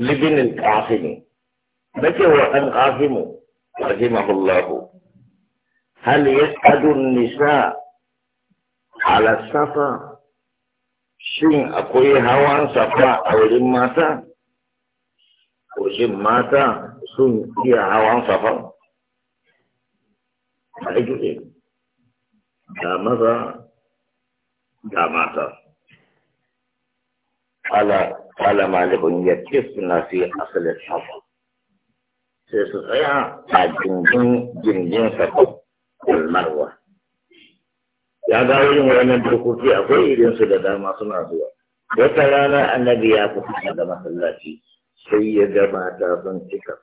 لبن القاسم بك هو القاسم رحمه الله هل يسعد النساء على الصفا شين أقوي هوا صفا أو لماتا وشين ماتا شين أقوي هوا صفا فأيجو إيه دا ماذا دا ماتا على قال مالك يكفنا في أصل الحظ سيستطيع الجنجن جنجن فكو المروة يا داوي وانا بركو في أخوي إذن ما صنع سوى وطلانا النبي يأكو في سيدة ما ما تاظن تكف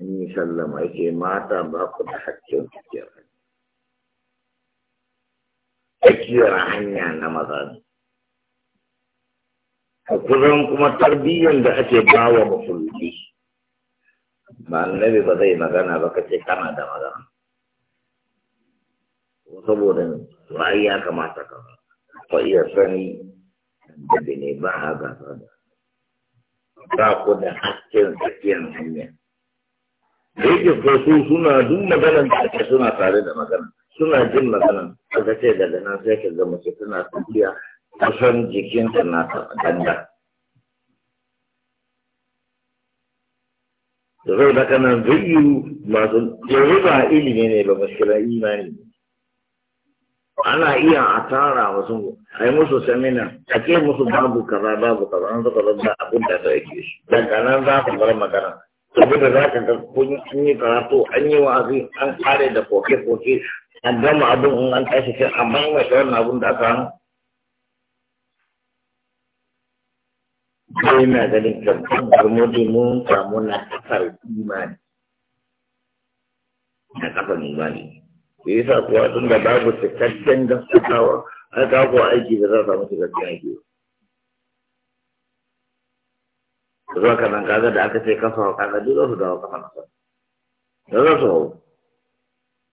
أني سلم أيكي ما تاظن تحكيون في أخوي أكيو رحمي عن kusan kuma tarbiyyar da ake bawa musulmi ba annabi ba zai magana ba kace kana da magana saboda ra'ayi ya kamata ka fa iya sani da ne ba a gasa da ba ku da hakkin tsakiyar hanya da yake ko suna duk maganar da ake suna tare da magana suna jin maganar aka ce daga nan sai ka ga mace tana tafiya kusan jikinta na danda zai da kanan zuyu masu yanzu ba ilimi ne ba mashkilar imani ana iya a tara wasu a yi musu samina a ce musu babu kaza babu kaza an zaka zama abin da ta yake shi daga kanan za ka bar magana saboda za ka ga kun an yi karatu an yi wa'azi an kare da koke-koke an gama abin an tashi sai a maimaita wannan abin da aka hannu sai na ganin gaban garmodi mun samu na kafar imani na kafar imani da yasa kuwa tun da babu cikakken gaskatawa a kawo aiki da za a samu cikakken aiki zuwa ka nan kaga da aka ce kafa wa kaga duk su dawo kafa nasa da za su hau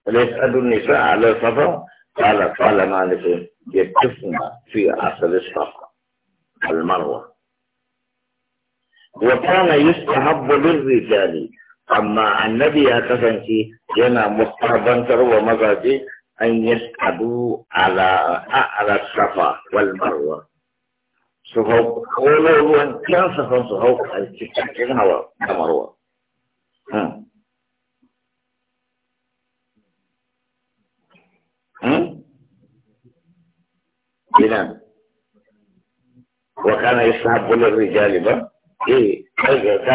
alaihi adun nisa ala safa qala qala malik yattasma fi asal safa al marwa وكان يستحب للرجال أما النبي أكفنتي ينا مستحبا تروى مزاجي أن يسحبوا على أعلى الصفا والمروة سهوب قولوا أن كان سهوب سهوب التكتين هو المروة بلان وكان يستحب للرجال بقى eh ka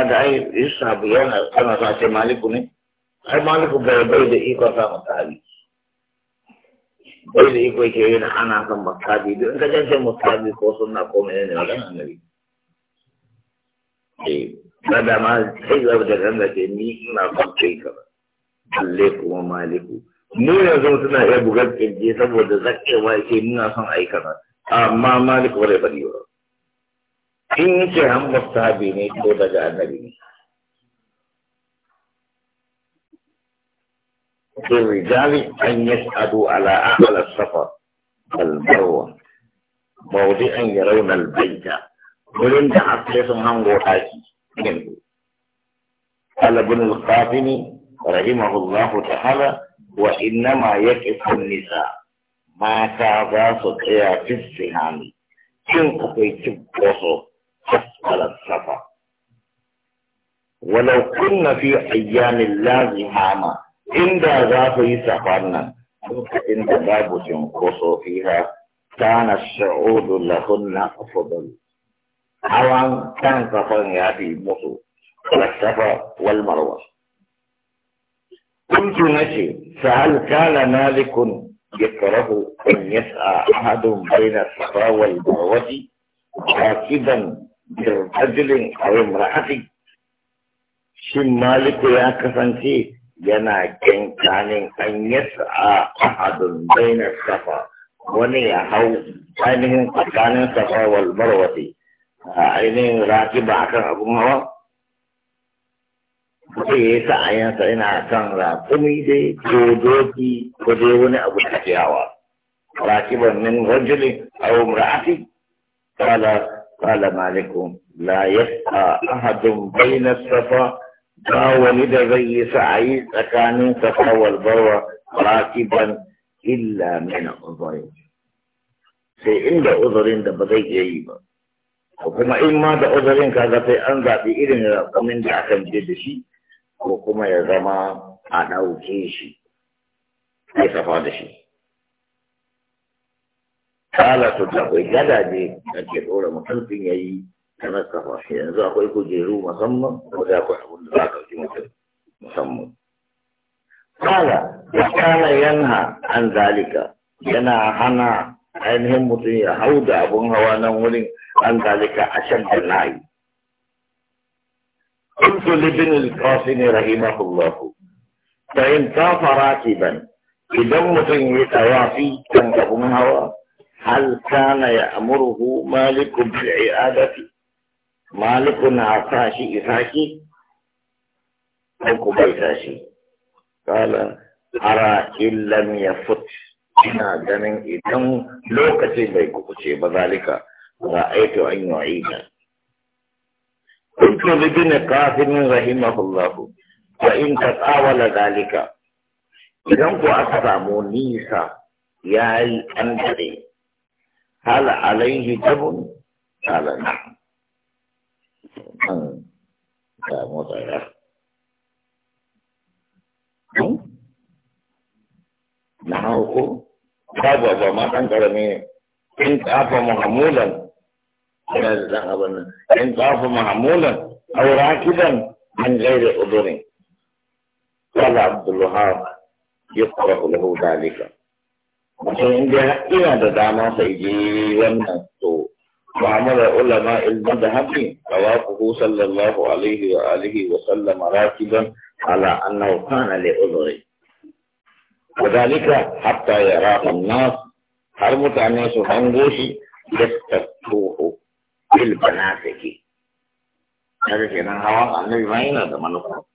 da ai isa bu yana kana sa ce maliku ne ai maliku bai bai da iko sa mutali bai da iko ke yana ana san mutali don ka jance mutali ko sunna ko menene magana annabi eh kada ma sai ga da da ke ni ina son kai ka alle kuma maliku mu yanzu suna iya bugar kirje saboda zakkewa ke nuna son aikata amma maliku bai bari ba ان سے ہم mustahabi ne ko daga annabi ne الرجال أن يسألوا على أعلى السفر والمروة موضع يرون البيت ولن تعطيهم هم غوحاتي منه قال ابن القاسم رحمه الله تعالى وإنما يكف النساء ما تعطى سطيا في السهام إن أقيت بوصف أسفل الصفا ولو كنا في أيام اللازمة إن ذا في سفرنا إن باب ينقص فيها كان الشعود لهن أفضل أوان كان سفر يأتي مصر والسفر والمروة قلت نشي فهل كان مالك يكره أن يسعى أحد بين الصفا والمروة راكبا birrajulin a ra'ati shin maliku ya kasance yana kinkanin an a ahadun bainar safa wani ya hau ainihin tsakanin safa wal marwati a ainihin rakiba akan abin hawa mutum ya yi sa'ayensa yana kan rakumi dai ko doki ko dai wani abu da hawa rakiban min rajulin a ra'ati kala قال مالك لا يبقى أحد بين الصفا دا ولد زي سعيد كان صفا والبروة راكبا إلا من أضر في إن دا أضر دا بدي جيبا وكما إما دا أضر كذا في أنزع في إذن ومن دا أكم جدشي وكما يزما أنا وكيشي كيف فادشي Tala to da akwai gadaje da ke ɗora mutuntun ya yi ta na kafa yanzu akwai kujeru musamman ko da akwai abin da za ka ɗauki mutum musamman kala ya kala yana an zalika yana hana ainihin mutum ya hau da abin hawa nan wurin an zalika a shan layi. قلت لابن ta رحمه الله فإن kiban, idan mutum ya tawafi kan أبو hawa هل كان يأمره مالك بالعيادة مالك عطاشي إفاشي أو كبيتاشي قال أرى إن لم يفت ina ganin idan lokaci bai kuce ba zalika ra'aitu an yu'ida kuntu bibin qasim rahimahullahu wa in tatawala zalika idan kuwa aka samu nisa yayi an dare هل عليه دم؟ قال نعم. لا مضيع. نعم هو. نعم. بابا بابا كان كلامي. إن كاف محمولا. أنا زعلان أبدا. إن كاف محمولا أو راكبا من غير أذن. قال عبد الوهاب يقرأ له ذلك. mutum inda ina da dama sai je wannan to mu'amalar ulama ilmin da hafi tawafuhu sallallahu alaihi wa alihi wa sallama rakiban ala annahu kana li udhri wadalika hatta yarahu an-nas har mutane su hango shi yastatuhu bil banatiki kaga kenan hawa annabi ma yana da manufa